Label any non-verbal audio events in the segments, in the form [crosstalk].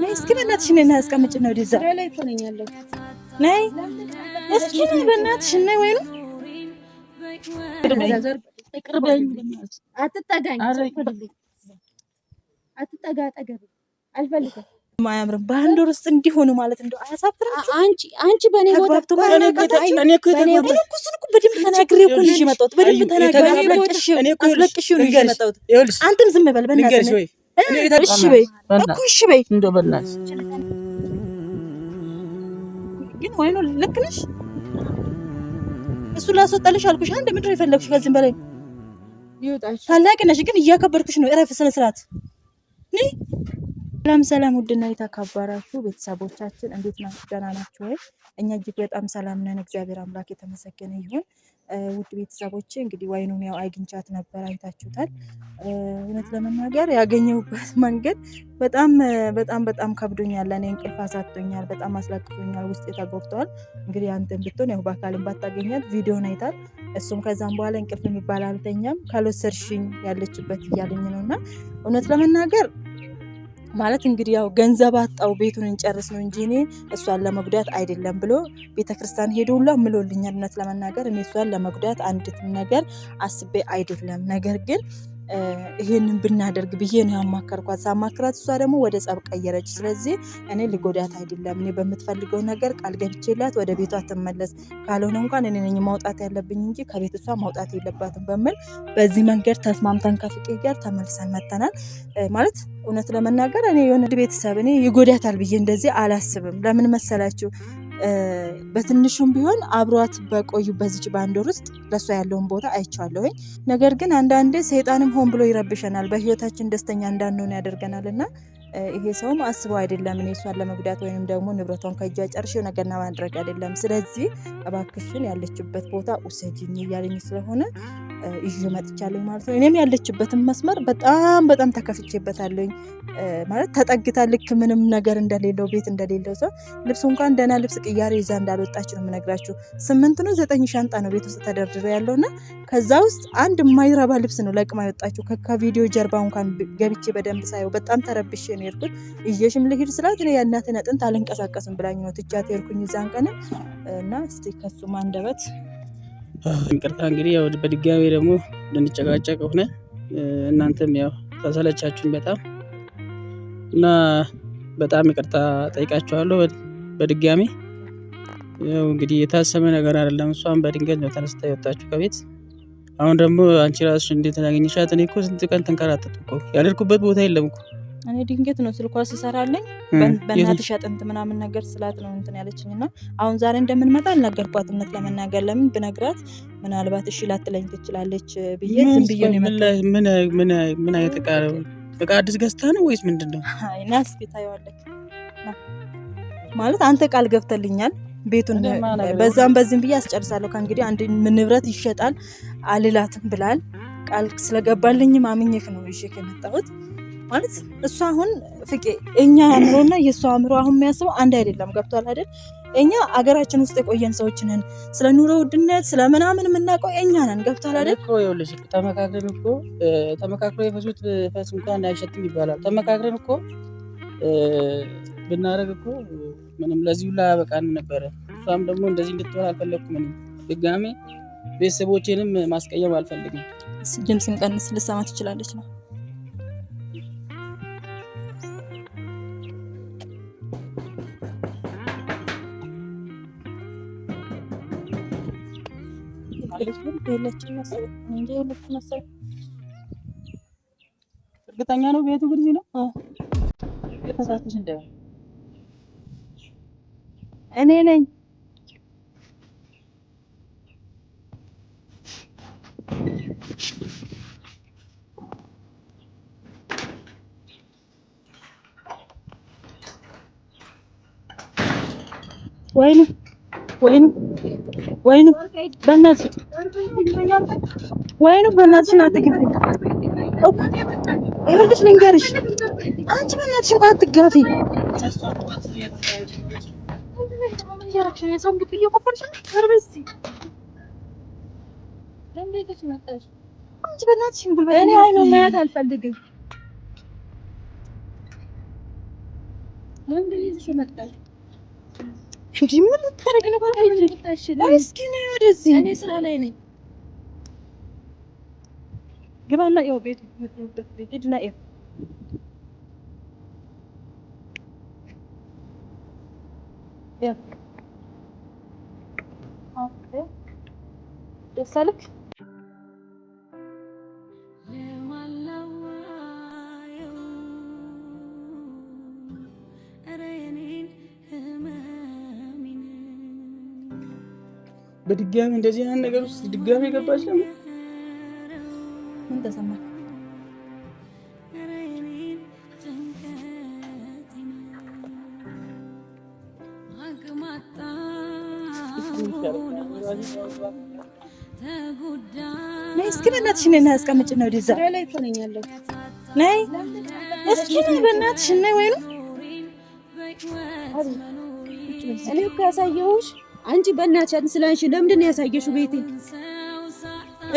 ነይ እስኪ በእናትሽ ነይ እና ነው ወደዛ ነይ እስኪ ነይ በእናትሽ ነይ ወይ አትጠጋኝ አትጠጋ አጠገብኝ አልፈልግም ማያምርም በአንድ ወር ውስጥ እንዲሆኑ ማለት እንደው አያሳፍራችሁም? አንቺ አንቺ በእኔ ቦታ በደንብ ተናግሬ እኮ ነው የመጣሁት። በደንብ ተናግሬ አስለቅሼው ነው የመጣሁት። አንተም ዝም በል በእናትህ እሺ በይ እኮ እሺ በይ እንደው በእናትህ ግን ወይኑ ልክ ነሽ። እሱ ላስወጣልሽ አልኩሽ። አንድ ምድር የፈለግሽ ከዚህም በላይ ታላቅ ነሽ፣ ግን እያከበርኩሽ ነው። እረፍ ስነ ስርዓት ሰላም ሰላም፣ ውድና የተከበራችሁ ቤተሰቦቻችን እንዴት ናችሁ? ደህና ናችሁ ወይ? እኛ እጅግ በጣም ሰላም ነን። እግዚአብሔር አምላክ የተመሰገነ ይሁን። ውድ ቤተሰቦች እንግዲህ ዋይኑን ያው አግኝቻት ነበር፣ አይታችሁታል። እውነት ለመናገር ያገኘሁበት መንገድ በጣም በጣም በጣም ከብዶኛል። ለእኔ እንቅልፍ አሳጥቶኛል፣ በጣም አስለቅቶኛል፣ ውስጤ ተጎድተዋል። እንግዲህ አንተን ብትሆን ያው በአካልን ባታገኛት ቪዲዮን አይታል። እሱም ከዛም በኋላ እንቅልፍ የሚባል አልተኛም፣ ካልወሰድሽኝ ያለችበት እያለኝ ነው እና እውነት ለመናገር ማለት እንግዲህ ያው ገንዘብ አጣው ቤቱን እንጨርስ ነው እንጂ እኔ እሷን ለመጉዳት አይደለም ብሎ ቤተክርስቲያን ሄዶ ሁላ ምሎልኛል። እውነት ለመናገር እኔ እሷን ለመጉዳት አንዲት ነገር አስቤ አይደለም ነገር ግን ይሄንን ብናደርግ ብዬ ነው ያማከርኳት። ሳማክራት እሷ ደግሞ ወደ ጸብ ቀየረች። ስለዚህ እኔ ልጎዳት አይደለም፣ እኔ በምትፈልገው ነገር ቃል ገብቼላት ወደ ቤቷ ትመለስ፣ ካልሆነ እንኳን እኔ ነኝ ማውጣት ያለብኝ እንጂ ከቤት እሷ ማውጣት የለባትም በሚል በዚህ መንገድ ተስማምተን ከፍቄ ጋር ተመልሰን መተናል። ማለት እውነት ለመናገር እኔ የሆነ ቤተሰብ እኔ ይጎዳታል ብዬ እንደዚህ አላስብም። ለምን መሰላችሁ? በትንሹም ቢሆን አብሯት በቆዩ በዚች በአንድ ወር ውስጥ ለእሷ ያለውን ቦታ አይቼዋለሁኝ። ነገር ግን አንዳንዴ ሰይጣንም ሆን ብሎ ይረብሸናል፣ በህይወታችን ደስተኛ እንዳንሆን ያደርገናል እና ይሄ ሰውም አስበው አይደለም እኔ እሷን ለመጉዳት ወይንም ደግሞ ንብረቷን ከእጇ ጨርሼው ነገር ማድረግ አይደለም። ስለዚህ እባክሽን ያለችበት ቦታ ውሰጂኝ እያለኝ ስለሆነ ይዤ መጥቻለኝ ማለት ነው። እኔም ያለችበትን መስመር በጣም በጣም ተከፍቼበታለኝ ማለት ተጠግታ ልክ ምንም ነገር እንደሌለው ቤት እንደሌለው ሰው ልብሱ እንኳን ደህና ልብስ ቅያሬ ይዛ እንዳልወጣች ነው የምነግራችሁ። ስምንት ነው ዘጠኝ ሻንጣ ነው ቤት ውስጥ ተደርድረ ያለውና ከዛ ውስጥ አንድ የማይረባ ልብስ ነው ለቅማ የወጣችሁ ከቪዲዮ ጀርባ እንኳን ገብቼ በደንብ ሳየው በጣም ተረብሼ ነው የሄድኩት። እየሽም ልሂድ ስላት እኔ የእናቴን አጥንት አልንቀሳቀስም ብላኝ ነው ትቻት የሄድኩኝ እዛን ቀንም እና እስቲ ከሱ አንደበት ይቅርታ እንግዲህ ያው በድጋሚ ደግሞ ልንጨቃጨቅ ሆነ። እናንተም ያው ተሰለቻችሁኝ በጣም እና በጣም ይቅርታ ጠይቃችኋለሁ በድጋሚ ያው እንግዲህ የታሰበ ነገር አይደለም። እሷን በድንገት ነው ተነስታ የወጣችሁ ከቤት። አሁን ደግሞ አንቺ ራሱ እንዴት ያገኘሻት? እኔ እኮ ስንት ቀን ተንከራተትኩ ያደርኩበት ቦታ የለም እኮ እኔ ድንገት ነው ስልኳ ሲሰራልኝ በእናትሽ አጥንት ምናምን ነገር ስላት ነው እንትን ያለችኝ እና አሁን ዛሬ እንደምንመጣ አልነገርኳትም። እውነት ለመናገር ለምን ብነግራት ምናልባት እሺ ላትለኝ ትችላለች ብዬ ዝም ብዬ ነው ምን አይነት እቃ አዲስ ገዝታ ነው ወይስ ምንድን ነው? እና [laughs] እስኪ ታየዋለች ማለት አንተ ቃል ገብተልኛል ቤቱን በዛም በዚህም ብዬ አስጨርሳለሁ። ከእንግዲህ አንድ ንብረት ይሸጣል አልላትም ብላል ቃል ስለገባልኝ ማምኘክ ነው ይሽክ የመጣሁት። ማለት እሱ አሁን ፍቄ እኛ አእምሮና የእሱ አእምሮ አሁን የሚያስበው አንድ አይደለም። ገብቷል አይደል? እኛ አገራችን ውስጥ የቆየን ሰዎች ነን። ስለ ኑሮ ውድነት ስለ ምናምን የምናውቀው እኛ ነን። ገብቷል አይደል? ይኸውልሽ ተመካክረን እኮ ተመካክሮ የፈሱት ፈስ እንኳን አይሸትም ይባላል። ተመካክረን እኮ ብናደርግ እኮ ምንም ለዚሁ ሁላ በቃን ነበረ። እሷም ደግሞ እንደዚህ እንድትሆን አልፈለግኩም። ምንም ድጋሜ ቤተሰቦቼንም ማስቀየም አልፈልግም። ድምፅን ቀንስ፣ ልሰማ ትችላለች ነው ትመስላለች፣ ግን የለችም መሰለኝ እንጂ የለችም መሰለኝ። እርግጠኛ ነው ቤቱ ግን እዚህ ነው። ተሳትሽ እኔ ነኝ ወይኑ ወይኑ ወይኑ በእናትሽ ወይኑ በእናትሽን አትግፊ። ይኸውልሽ ልንገርሽ፣ አንቺ በእናትሽ እንኳን አትጋፊ። አንቺ በእናትሽ እኔ አይኑን ማየት አልፈልግም። ለምን እንደዚህ መጣሽ? ምን ልታረጊ ግባና ያው ቤት ሂድና ያው ደስ አለህ በድጋሚ እንደዚህ አይነት ነገር ውስጥ ድጋሚ ገባች። ደግሞ ምን ተሰማ? ነይ እስኪ በእናትሽ ነይ እና ያስቀምጭ ነው ወደዛ ላይ ነይ እስኪ ነይ በእናትሽ ነይ። ወይኑ እኔ እኮ ያሳየሁሽ አንቺ በእናትሽ ስለአንቺ ለምንድን ነው ያሳየሽው? ቤቴ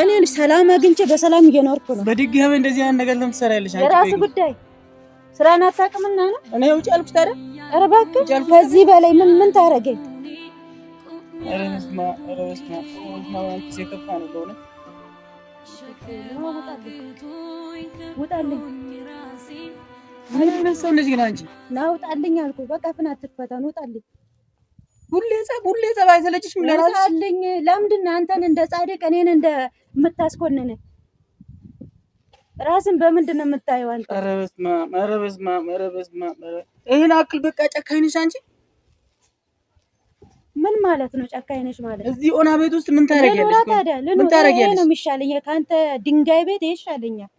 እኔ ሰላም አግኝቼ በሰላም እየኖርኩ ነው። በድጋሚ እንደዚህ አይነት ነገር ለምትሰራ ያለሽ አንቺ የራስህ ጉዳይ ስራን አታውቅምና ነው። እኔ ውጭ አልኩሽ። ታዲያ ኧረ እባክህ ከዚህ በላይ ምን ምን ታረገኝ? ኧረ በስመ አብ ኧረ በስመ አብ አንቺ የከፋ ነው በእውነት። ውጣልኝ ምን ሰው ልጅ ግን አንቺ ና ውጣልኝ አልኩህ። በቃ ፍን አትፈታን። ውጣልኝ ሁሌ ጸብ ሁሌ ጸብ አይሰለችሽ? ምን ላልልኝ? ለምንድን አንተን እንደ ጻድቅ እኔን እንደ የምታስኮንን ራስን በምንድን ነው የምታየው አንተ? ኧረ በስመ አብ! ኧረ በስመ አብ! ኧረ በስመ አብ! ይሄን አክል በቃ ጨካኝ ነሽ አንቺ። ምን ማለት ነው ጨካኝ ነሽ ማለት? እዚህ ኦና ቤት ውስጥ ምን ታደርጊያለሽ? ምን ታደርጊያለሽ? ነው የሚሻለኝ ከአንተ ድንጋይ ቤት ይሻለኛል።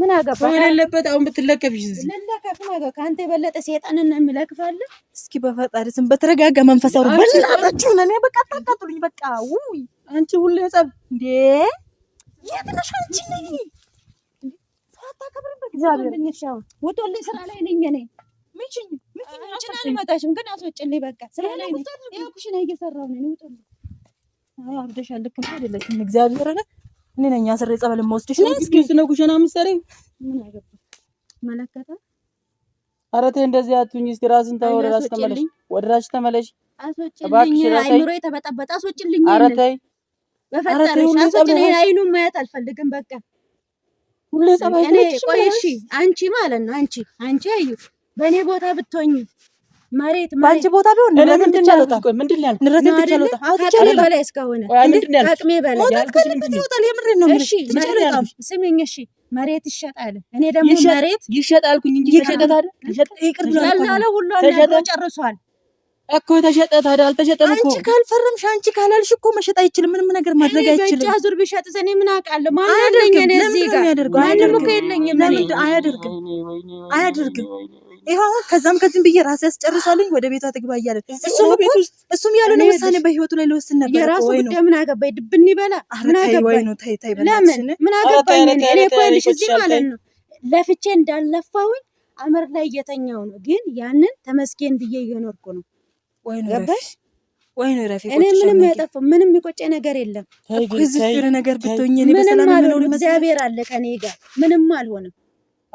ምን አገባ የሌለበት አሁን ብትለከፍሽ እዚህ ልለከፍ ከአንተ የበለጠ ሰይጣንን ነው የሚለክፋል። እስኪ በፈጣሪ ስም በተረጋጋ መንፈስ አውሩ። በእናታችሁ ነን በቃ አታቃጥሉኝ። በቃ ውይ አንቺ ሁሌ ጸብ እንዴ የት ነሽ አንቺ? ነኝ ሳታከብርበት ዛሬ ወቶልኝ ስራ ላይ ነኝ እኔ ምችኝ ምችኝ አንቺን አልመጣሽም ግን አስወጭልኝ። በቃ ስራ ላይ ነኝ ያኩሽና እየሰራሁ ነው። ውጡልኝ። አብደሻል። ልክ አይደለሽም። እግዚአብሔር ረጋ እኔ ነኝ አስሬ ጸበል የምወስድሽ። እስኪ ስነ ኩሽና ምሳሌ ምን እንደዚህ አትሁኝ። እስኪ ራስን ተይ፣ ወደ ተመለሽ፣ ወደ ተመለሽ። አይምሮ ማየት አልፈልግም። በቃ ሁሌ ጸበል። እኔ ቆይ እሺ፣ አንቺ ማለት ነው አንቺ አንቺ አዩ በእኔ ቦታ ብትሆኝ መሬት በአንቺ ቦታ ቢሆን ንብረት መሬት ይሸጣል። እኔ ደግሞ መሬት ይሸጣል ጨርሷል እኮ ተሸጠ። ታዲያ አልተሸጠም እኮ አንቺ ካልፈረምሽ፣ አንቺ ካላልሽ እኮ መሸጥ አይችልም። ምንም ነገር ማድረግ አይችልም። አዙር እኔ ምን አውቃለሁ? ማን እኔ እዚህ ጋር ማንም እኮ የለኝም። አያደርግም፣ አያደርግም ይኸው ከዛም ከዚህም ብዬ ራሴ ያስጨርሳለኝ ወደ ቤቷ ትግባ እያለ እሱም ነው ውሳኔ በህይወቱ ላይ ልወስን ነበር። የራሱ ጉዳይ ምን አገባኝ፣ ድብን ይበላ ምን አገባኝ ነው። ተይ ተይ፣ ለምን ምን አገባኝ እኔ እኮ ያልሽ እዚህ ማለት ነው ለፍቼ እንዳለፋውኝ አመር ላይ እየተኛው ነው። ግን ያንን ተመስገን ብዬ እየኖርኩ ነው። ገባሽ? እኔ ምንም ያጠፋው ምንም የቆጨ ነገር የለም። ነገር ብትሆኝ እኔ በሰላም እግዚአብሔር አለ ከኔ ጋር ምንም አልሆንም።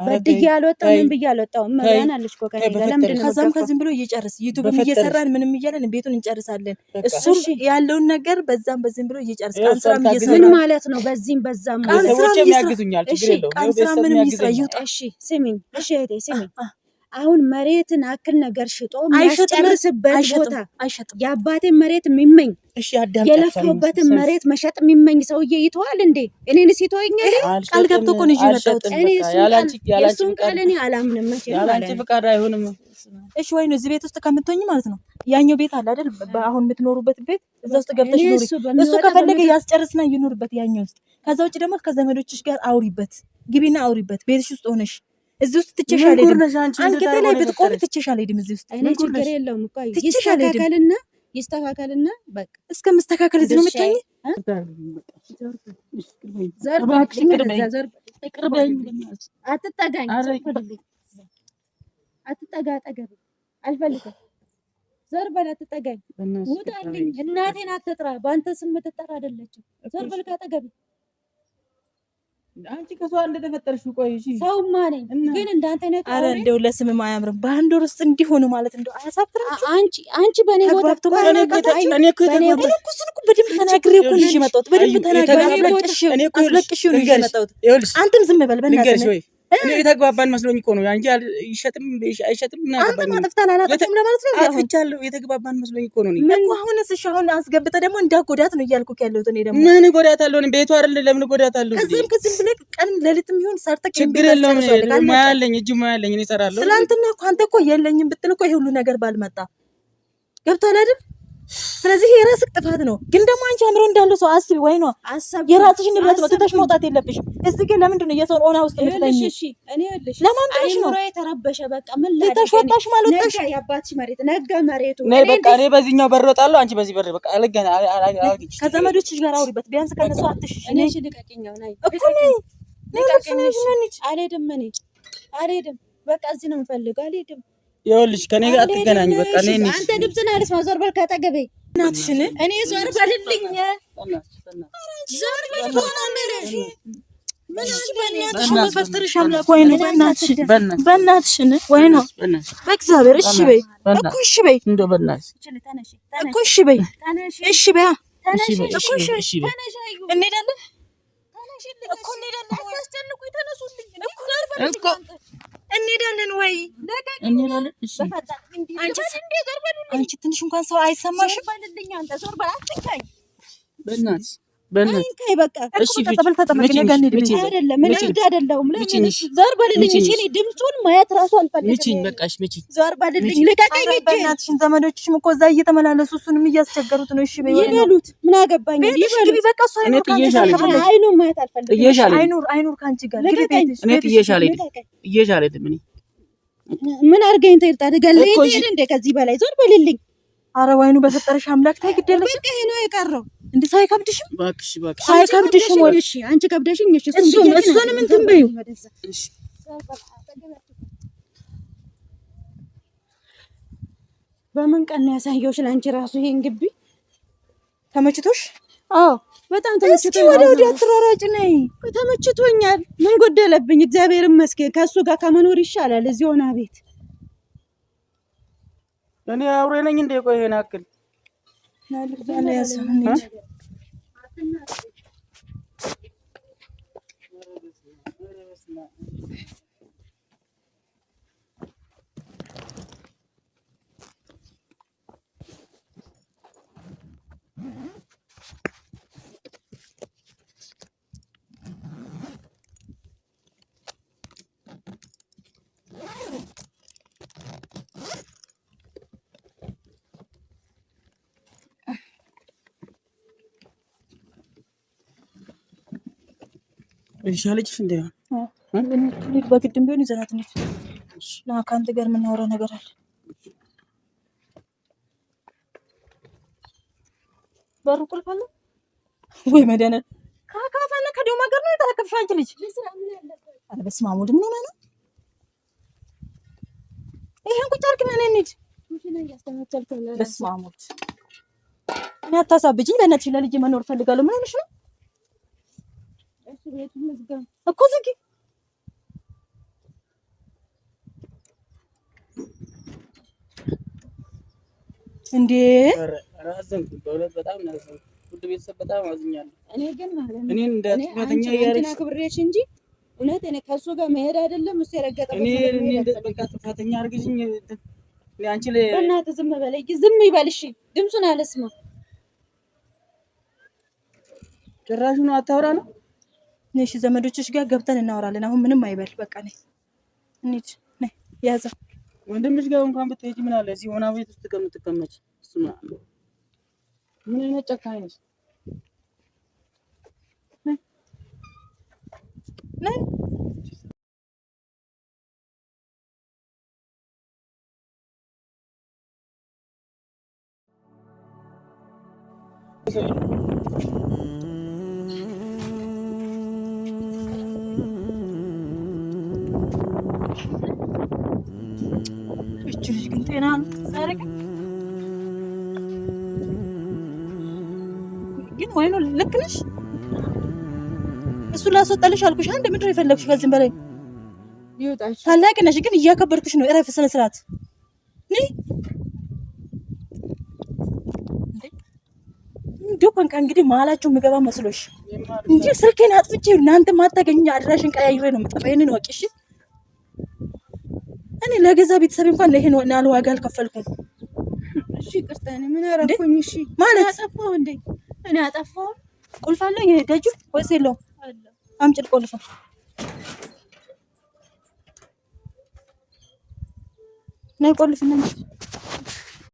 በድጌ አልወጣም፣ ምን ብዬ አልወጣሁም። መሪያን አለች እኮ ከእኔ ጋር ለምንድን ከዛም ከዚህም ብሎ እየጨርስ ዩቱብም እየሰራን ምንም እያለን ቤቱን እንጨርሳለን። እሱም ያለውን ነገር በዛም በዚህም ብሎ እየጨርስ ቃል ስራም እየሰራ ምን ማለት ነው? በዚህም በዛም ቃል ስራም ይስራ፣ እሺ፣ ቃል ስራ ምንም ይስራ ይውጣ። እሺ ስሚኝ፣ እሺ እህቴ ስሚኝ አሁን መሬትን አክል ነገር ሽጦ የሚያስጨርስበት ቦታ የአባቴን መሬት የሚመኝ የለፋበትን መሬት መሸጥ የሚመኝ ሰውዬ ይተዋል እንዴ? እኔንስ ይተወኛል? ቃል ገብቶ እኮ ነው የመጣሁት። እሱን ቃል እኔ አላምንም። እሺ ወይ ነው እዚህ ቤት ውስጥ ከምትሆኝ ማለት ነው። ያኛው ቤት አለ አይደል? አሁን የምትኖሩበት ቤት እዛ ውስጥ ገብተሽ ኑሪ። እሱ ከፈለገ ያስጨርስና ይኑርበት ያኛው ውስጥ። ከዛ ውጭ ደግሞ ከዘመዶችሽ ጋር አውሪበት፣ ግቢና አውሪበት ቤትሽ ውስጥ ሆነሽ እዚህ ውስጥ ትቼሽ አልሄድም። አንገቴ ላይ ብትቆም ትቼሽ አልሄድም። እዚህ ውስጥ እኔ ችግር የለውም እኮ ይስተካከልና ይስተካከልና በቃ እስከምስተካከል እዚህ ነው የምታኝ። አትጠጋኝ፣ አትጠጋ፣ አጠገብ አልፈልግም። ዘር በል አትጠጋኝ፣ ውጣልኝ። እናቴን አትጥራ። በአንተ ስም የምትጠራ አይደለችም። ዘር በል ካጠገብ አንቺ ከሷ እንደተፈጠርሽ ቆይ፣ እሺ ሰውማ ነኝ ግን እንዳንተ ነ አረ እንደው ለስምም አያምርም። በአንድ ወር ውስጥ እንዲሆኑ ማለት እንደው አያሳፍራችሁ? አንቺ አንቺ በእኔ ቦታ በደንብ ተናግሬ እኮ ነው መጣሁት። በደንብ ተናግሬ ለቅሼው ነው ይዤ መጣሁት። አንተም ዝም በል በእናትህ እኔ የተግባባን መስሎኝ እኮ ነው እንጂ አይሸጥም አይሸጥም አጥፍቻለሁ። የተግባባን መስሎኝ እኮ ነው። ምን አሁንስ? እሺ አሁን አስገብተህ ደግሞ እንዳጎዳት ነው እያልኩ ያለሁት እኔ ደግሞ ምን ጎዳት አለሁ? ቤቱ አይደል? ለምን ጎዳት አለሁ? ከዚህም ከዚህም ብለህ ቀን ሌሊትም ይሁን ሰርተህ ችግር የለውም። ሙያ አለኝ፣ እጅ ሙያ አለኝ፣ እኔ እሰራለሁ። ትናንትና እኮ አንተ እኮ የለኝም ብትል እኮ ይሄ ሁሉ ነገር ባልመጣ ገብቶሃል አይደል? ስለዚህ የራስ ጥፋት ነው። ግን ደግሞ አንቺ አምሮ እንዳለው ሰው አስቢ ወይ ነው አሳብ የራስሽን ንብረት ነው ትተሽ መውጣት የለብሽም። እዚህ ግን ለምንድን ነው የሰው ኦና ውስጥ እሺ እኔ የምትለኝ? ለማን ብለሽ ነው የተረበሸ? በቃ ምን ላይ ትተሽ ወጣሽ ማለት ነው? ወጣሽ። የአባትሽ መሬት ነጋ መሬቱ። እኔ በቃ እኔ በዚህኛው በር እወጣለሁ፣ አንቺ በዚህ በር በቃ አለገና አላግጭ። ከዘመዶችሽ ጋር አውሪበት ቢያንስ ከነሱ አትሽሽ። እኔ እሺ ልቀቂኛው ናይ እኮ ነይ ነይ ልቀቂኝሽ። አልሄድም እኔ አልሄድም። በቃ እዚህ ነው የምፈልገው። አልሄድም ይኸውልሽ ከኔ ጋር አትገናኝ። በቃ እኔ አንተ ድምጽ ነህ ማዞር በል ካጠገቤ። እናትሽን እኔ ዞር በልልኝ። ዞር በል እንሄዳለን ወይ አንቺ ትንሽ እንኳን ሰው አይሰማሽም? በእናትሽ ዘመዶችሽም እኮ እዛ እየተመላለሱ እሱንም እያስቸገሩት ነው። እሺ ይበሉት፣ ምን አገባኝ። ምን አድርገኝ እንደ ከዚህ በላይ ዞር በልልኝ። አረ ወይኑ በፈጠረሽ አምላክ ታይ ግደለሽ በቃ ይሄ ነው የቀረው። እንዴ ሳይከብድሽም እባክሽ እባክሽ ሳይከብድሽም ወይ እሺ፣ አንቺ ከብደሽኝ እሺ፣ እሱ እሱንም እንትን በይው በምን ቀን ነው ያሳየሁሽ? ለአንቺ ራሱ ይሄን ግቢ ተመችቶሽ? አዎ በጣም ተመችቶኝ ወደ ወደ ወዲያ አትሯሯጭ ነይ። ተመችቶኛል። ምን ጎደለብኝ? እግዚአብሔር ይመስገን። ከእሱ ጋር ከመኖር ይሻላል እዚህ ሆና ቤት እኔ አውሬ ነኝ እንደ ቆይ ይሄን ያክል ይሻለችሽ እንደ በግድም ቢሆን ይዘናት እንሂድ እና ከአንተ ጋር የምናወራው ነገር አለ። በሩ ቁልፍ አለ ወይ? መድኃኒዓለም ከአካፋና ከደም ሀገር ነው የተለከፍሽ አንቺ ልጅ። ኧረ በስመ አብ ወልድ፣ ምን ሆነህ ነው? ይሄን ቁጭ አድርግና ነይ እንሂድ። በስመ አብ ወልድ፣ እኔ አታሳብጂኝ። በእናትሽ ለልጄ መኖር እፈልጋለሁ። ምን ሆነሽ ነው? ቤቱን እኮ ዝጊ። እንዴ ውድ ቤተሰብ በጣም አዝኛለሁ። እኔ ግን ማለት ነው እንደ ጥፋተኛ ክብሬሽ እንጂ እውነት እኔ ከእሱ ጋር መሄድ አይደለም እሱ የረገጠው እኔ በቃ ጥፋተኛ አድርግሽኝ። አንቺ ላይ በእናትህ ዝም በለኝ፣ ዝም ድምፁን አለስማ ጭራሽ ነው አታውራ ነው እሺ ዘመዶችሽ ጋር ገብተን እናወራለን። አሁን ምንም አይበል። በቃ ነይ እንሂድ። ነይ ያዛ ወንድምሽ ጋር እንኳን ብትሄጂ ምን አለ እዚህ ሆና ቤት ውስጥ ከምትቀመጭ። እሱ ምን አይነት ጨካኝ ነሽ! ነይ እች ልጅ ግን ጤና ታደረግ ግን ወይኑ ልክ ነሽ። እሱ ላስወጣልሽ አልኩሽ። አንድ ምድር የፈለግሽ ከዚህም በላይ ታላቅ ነሽ፣ ግን እያከበርኩሽ ነው። እረፍ፣ ስነ ስርዓት ዶን እንግዲህ መሀላችሁ የምገባ መስሎሽ እንጂ ስልኬን አጥፍቼ እናንተ ማታገኝ አድራሽን ቀያይሬ ነው የምጠፋ። ይህንን ወቂሽ እኔ ለገዛ ቤተሰብ እንኳን ለይሄን ናል ዋጋ አልከፈልኩም። እሺ ቅርታ እኔ ምን አደረኩኝ? እሺ ማለት አጠፋሁ እንዴ? እኔ አጠፋሁ። ቁልፍ አለው የደጁ ወይስ የለውም? አምጪ ቁልፍ። ነይ ቁልፍ ነሽ